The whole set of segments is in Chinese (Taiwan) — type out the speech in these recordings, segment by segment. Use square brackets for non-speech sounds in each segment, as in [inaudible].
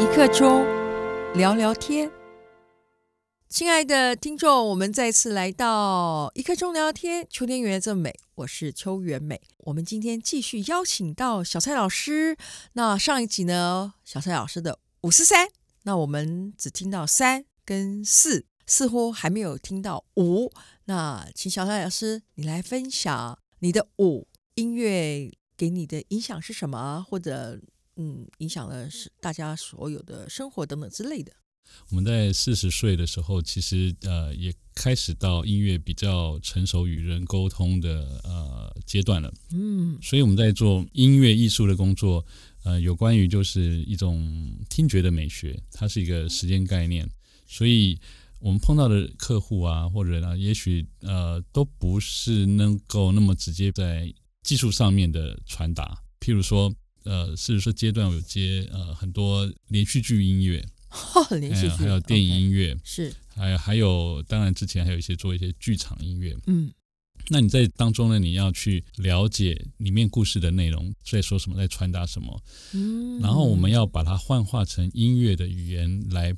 一刻鐘聊聊天，親愛的聽眾，我們再次來到一刻鐘聊聊天。秋天原來這麼美，我是秋元美。我們今天繼續邀請到小蔡老師。那上一集呢，小蔡老師的五四三，那我們只聽到三跟四，似乎還沒有聽到五。那請小蔡老師你來分享你的五音樂給你的影響是什麼，或者？嗯，影響了是大家所有的生活等等之類的。我們在四十歲的時候，其實呃也開始到音樂比較成熟，與人溝通的呃階段了。嗯，所以我們在做音樂藝術的工作，呃，有關於就是一種聽覺的美學，它是一個時間概念。嗯，所以我們碰到的客戶啊或者呢啊，也許呃都不是能夠那麼直接在技術上面的傳達，譬如說。呃，四十歲階段有接呃很多連續劇音樂，哦、連續劇還有，還有電影音樂、okay. 是，還有還有當然之前還有一些做一些劇場音樂，嗯，那你在當中呢，你要去了解裡面故事的內容在說什麼，在傳達什麼，嗯，然後我們要把它幻化成音樂的語言來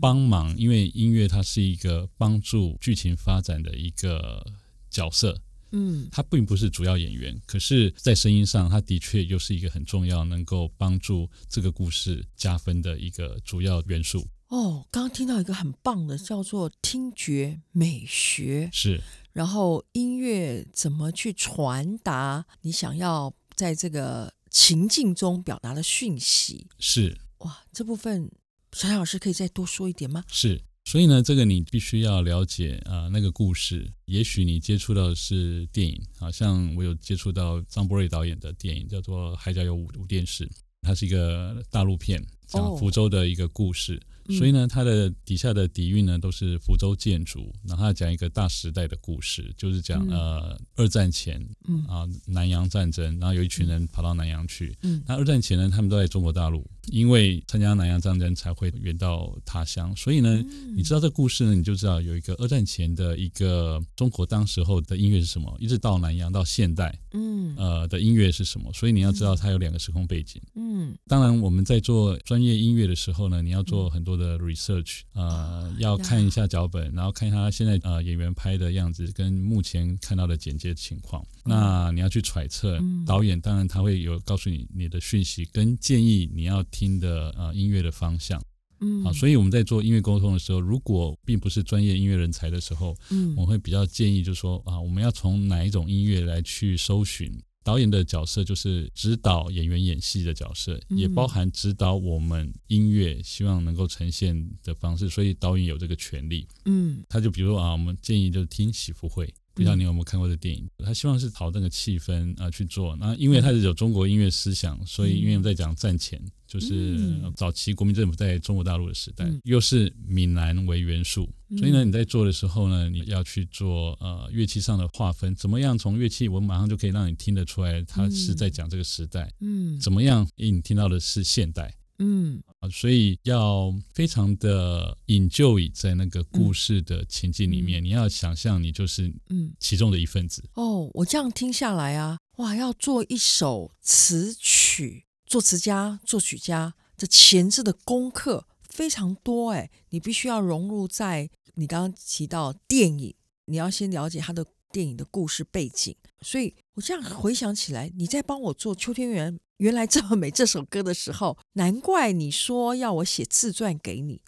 幫忙，嗯、因為音樂它是一個幫助劇情發展的一個角色。嗯，他並不是主要演員，可是，在聲音上，他的確又是一個很重要，能夠幫助這個故事加分的一個主要元素。哦，剛剛聽到一個很棒的，叫做聽覺美學，是。然後音樂怎麼去傳達你想要在這個情境中表達的訊息？是。哇，這部分旭峰老師可以再多說一點嗎？是。所以呢，這個你必須要了解啊、呃，那個故事。也許你接觸到的是電影，好像我有接觸到張博瑞導演的電影，叫做《海角有五五電視》，它是一個大陸片，講福州的一個故事，哦。所以呢，它的底下的底蘊呢，都是福州建築。然後它講一個大時代的故事，就是講、嗯、呃二戰前啊、嗯、南洋戰爭，然後有一群人跑到南洋去。那、嗯嗯、二戰前呢，他們都在中國大陸。因為參加南洋戰爭才會遠到他鄉，所以呢，嗯、你知道這個故事呢，你就知道有一個二戰前的一個中國當時候的音樂是什麼，一直到南洋到現代，嗯，呃的音樂是什麼？所以你要知道它有兩個時空背景嗯。嗯，當然我們在做專業音樂的時候呢，你要做很多的 research，呃，要看一下腳本，然後看他現在呃演員拍的樣子跟目前看到的剪接情況。那你要去揣測、嗯、導演，當然他會有告訴你你的訊息跟建議，你要聽的呃音樂的方向。嗯，好，所以我們在做音樂溝通的時候，如果並不是專業音樂人才的時候，嗯，我會比較建議就是說啊，我們要從哪一種音樂來去搜尋。導演的角色就是指導演員演戲的角色、嗯，也包含指導我們音樂，希望能夠呈現的方式。所以導演有這個權利。嗯，他就比如說啊，我們建議就是聽喜福會。不知道你有沒有看過這電影？他希望是朝這個氣氛啊、呃、去做。那因為他是有中國音樂思想，嗯、所以因為我們在講戰前，就是早期國民政府在中國大陸的時代，嗯、又是閩南為元素，嗯、所以呢，你在做的時候呢，你要去做呃樂器上的劃分，怎麼樣從樂器我馬上就可以讓你聽得出來，他是在講這個時代，嗯，嗯怎麼樣？因為你聽到的是現代。嗯，所以要非常的 enjoy 在那個故事的情境裡面，嗯、你要想象你就是嗯其中的一份子，嗯、哦。我這樣聽下來啊，哇，要做一首詞曲，作詞家、作曲家，這前置的功課非常多哎，你必須要融入在你剛剛提到電影，你要先了解他的電影的故事背景。所以我這樣回想起來，你在幫我做秋天園。原來這麼美這首歌的時候，難怪你說要我寫自傳給你。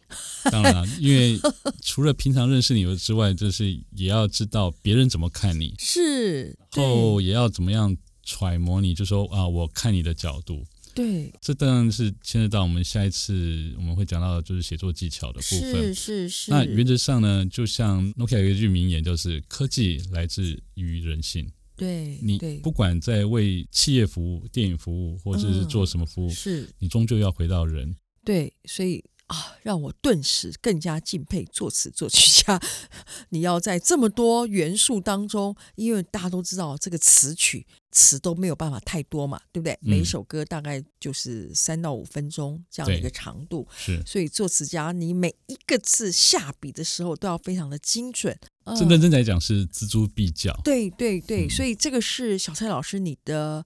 [laughs] 當然了，因為除了平常認識你之外，就是也要知道別人怎麼看你。是。然後也要怎麼樣揣摩你，就說啊，我看你的角度。對，這當然是牽涉到我們下一次我們會講到的就是寫作技巧的部分。是是是。那原則上呢，就像 Nokia 有一句名言，就是科技來自於人性。對，對，你不管在為企業服務、電影服務，或者是做什麼服務，嗯，是你終究要回到人。對，所以啊，讓我頓時更加敬佩作詞作曲家。你要在這麼多元素當中，因為大家都知道這個詞曲詞都沒有辦法太多嘛，對不對？每一首歌大概就是三到五分鐘這樣的一個長度，對是。所以作詞家，你每一個字下筆的時候都要非常的精準。真的真來講是錙銖必較、嗯。對對對、嗯，所以這個是小蔡老師你的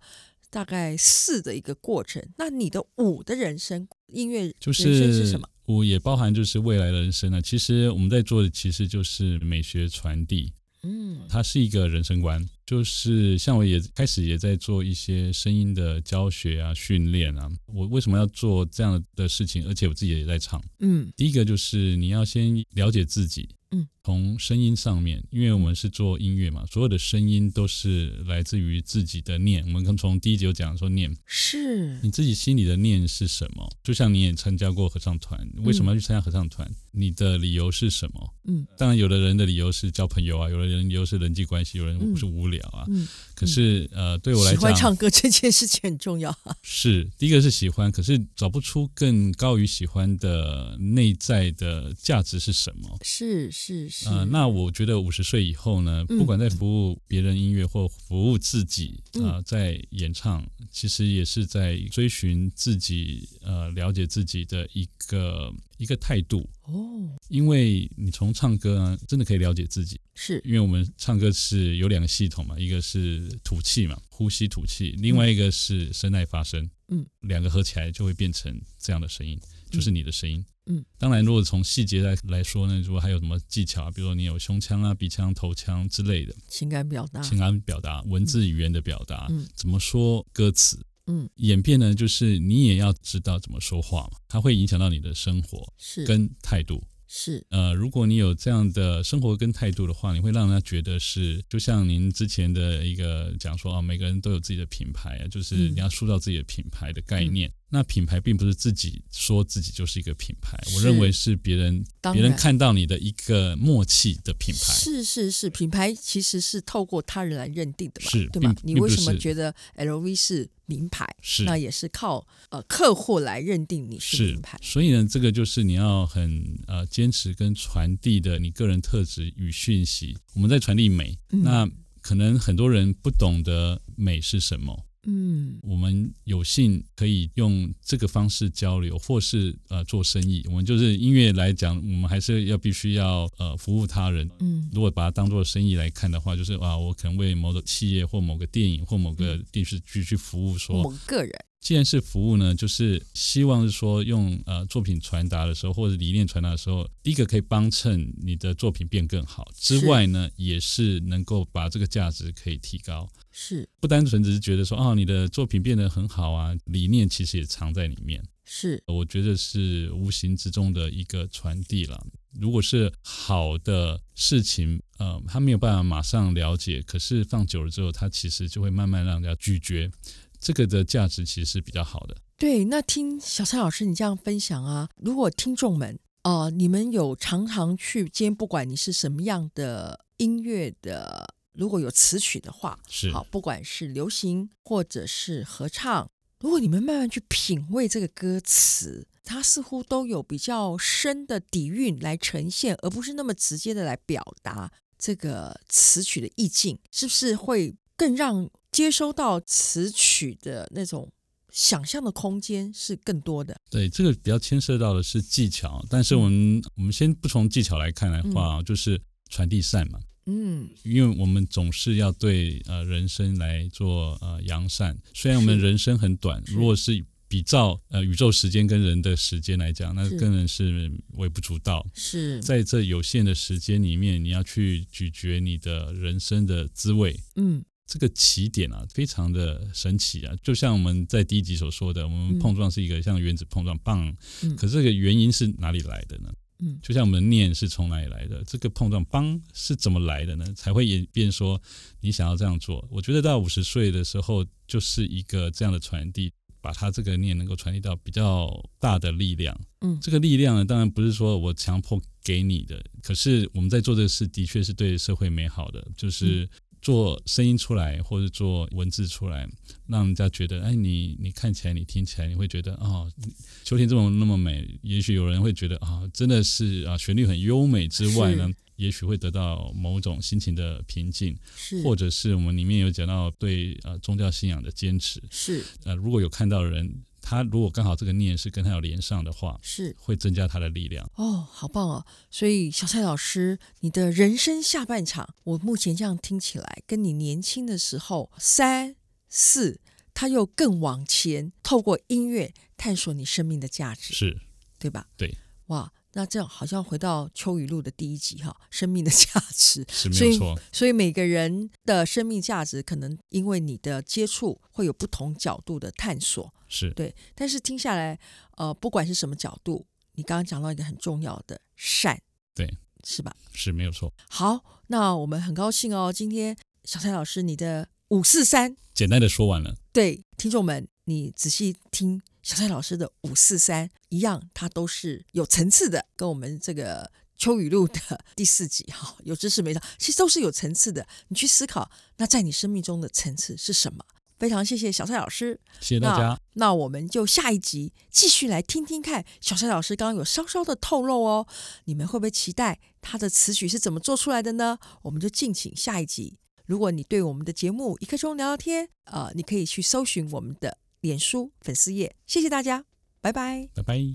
大概四的一個過程。那你的五的人生音樂人生是什麼？五、就是、也包含就是未來的人生啊。其實我們在做的其實就是美學傳遞。嗯，它是一個人生觀，就是像我也開始也在做一些聲音的教學啊、訓練啊。我為什麼要做這樣的事情？而且我自己也在唱。嗯，第一個就是你要先了解自己。嗯，從聲音上面，因為我們是做音樂嘛，所有的聲音都是來自於自己的念。我們剛從第一集有講說念是，你自己心裡的念是什麼？就像你也參加過合唱團、嗯，為什麼要去參加合唱團？你的理由是什麼？嗯，當然有的人的理由是交朋友啊，有的人理由是人際關係，有人不是無聊啊。嗯嗯嗯、可是呃，對我來講，喜歡唱歌這件事情很重要、啊。是，第一個是喜歡，可是找不出更高於喜歡的內在的價值是什麼？是。是是啊、呃，那我覺得五十歲以後呢，不管在服務別人音樂或服務自己啊、嗯呃，在演唱，其實也是在追尋自己呃，了解自己的一個一個態度哦。因為你從唱歌啊，真的可以了解自己。是，因為我們唱歌是有兩個系統嘛，一個是吐氣嘛，呼吸吐氣，另外一個是聲帶發聲。嗯，兩個合起來就會變成這樣的聲音。就是你的聲音，嗯，嗯，當然，如果從細節來來說呢，如果還有什麼技巧啊，比如說你有胸腔啊、鼻腔、頭腔之類的，情感表達，情感表達，文字語言的表達，嗯，嗯，怎麼說歌詞，嗯，演變呢，就是你也要知道怎麼說話嘛，它會影響到你的生活，是跟態度。是呃，如果你有這樣的生活跟態度的話，你會讓人家覺得是，就像您之前的一個講說啊、哦，每個人都有自己的品牌啊，就是你要塑造自己的品牌的概念、嗯嗯。那品牌並不是自己說自己就是一個品牌，我認為是別人別人看到你的一個默契的品牌。是是是，品牌其實是透過他人來認定的嘛，對嗎？你為什麼覺得 LV 是？名牌是，那也是靠呃客戶來認定你是名牌，是。所以呢，這個就是你要很呃堅持跟傳遞的你個人特質與訊息。我們在傳遞美，嗯、那可能很多人不懂得美是什麼。嗯，我們有幸可以用這個方式交流，或是呃做生意。我們就是音樂來講，我們還是要必須要呃服務他人。嗯，如果把它當做生意來看的話，就是啊，我可能為某個企業或某個電影或某個電視劇去服務，說某個人。既然是服務呢，就是希望是說用呃作品傳達的時候，或者理念傳達的時候，第一個可以幫襯你的作品變更好之外呢，是也是能夠把這個價值可以提高。是不單純只是覺得說哦，你的作品變得很好啊，理念其實也藏在裡面。是我覺得是無形之中的一個傳遞了。如果是好的事情，呃，他沒有辦法馬上了解，可是放久了之後，他其實就會慢慢讓人家咀嚼。這個的價值其實是比較好的。對，那聽小蔡老師你這樣分享啊，如果聽眾們啊、呃，你們有常常去，今天不管你是什麼樣的音樂的，如果有詞曲的話，是好，不管是流行或者是合唱，如果你們慢慢去品味這個歌詞，它似乎都有比較深的底蘊來呈現，而不是那麼直接的來表達這個詞曲的意境，是不是會更讓接收到詞曲的那種想象的空間是更多的。對，這個比較牽涉到的是技巧，但是我們、嗯、我們先不從技巧來看的話、嗯，就是傳遞善嘛。嗯，因為我們總是要對呃人生來做呃揚善。雖然我們人生很短，如果是比照呃宇宙時間跟人的時間來講，那更、個、是微不足道。是，在這有限的時間裡面，你要去咀嚼你的人生的滋味。嗯。這個起點啊，非常的神奇啊！就像我們在第一集所說的，我們碰撞是一個像原子碰撞，嗯、棒。可是這個原因是哪裡來的呢？嗯，就像我們念是從哪裡來的，這個碰撞棒是怎麼來的呢？才會演變說你想要這樣做。我覺得到五十歲的時候，就是一個這樣的傳遞，把它這個念能夠傳遞到比較大的力量。嗯，這個力量呢，當然不是說我強迫給你的，可是我們在做這個事的確是對社會美好的，就是。嗯做聲音出來，或者做文字出來，讓人家覺得，哎，你你看起來，你聽起來，你會覺得，哦，秋天這麼那麼美。也許有人會覺得，啊、哦，真的是啊，旋律很優美之外呢，也許會得到某種心情的平靜，是，或者是我們裡面有講到對呃宗教信仰的堅持，是，呃，如果有看到的人。他如果剛好這個念是跟他有連上的話，是會增加他的力量。哦，好棒哦！所以小蔡老師，你的人生下半場，我目前這樣聽起來，跟你年輕的時候三四，他又更往前，透過音樂探索你生命的價值，是對吧？對，哇！那這樣好像回到秋雨露的第一集哈、啊，生命的價值是沒有錯，所以每個人的生命價值可能因為你的接觸會有不同角度的探索，是對。但是聽下來，呃，不管是什麼角度，你剛剛講到一個很重要的善，對，是吧？是沒有錯。好，那我們很高興哦，今天小蔡老師你的五四三簡單的說完了，對，聽眾們你仔細聽。小蔡老師的五四三一樣，它都是有層次的，跟我們這個秋雨露的第四集哈，有知識沒？其實都是有層次的，你去思考，那在你生命中的層次是什麼？非常謝謝小蔡老師，謝謝大家那。那我們就下一集繼續來聽聽看，小蔡老師剛剛有稍稍的透露哦，你們會不會期待他的詞曲是怎麼做出來的呢？我們就敬請下一集。如果你對我們的節目一刻鐘聊聊天啊、呃，你可以去搜尋我們的。臉書粉絲頁，謝謝大家，拜拜，拜拜。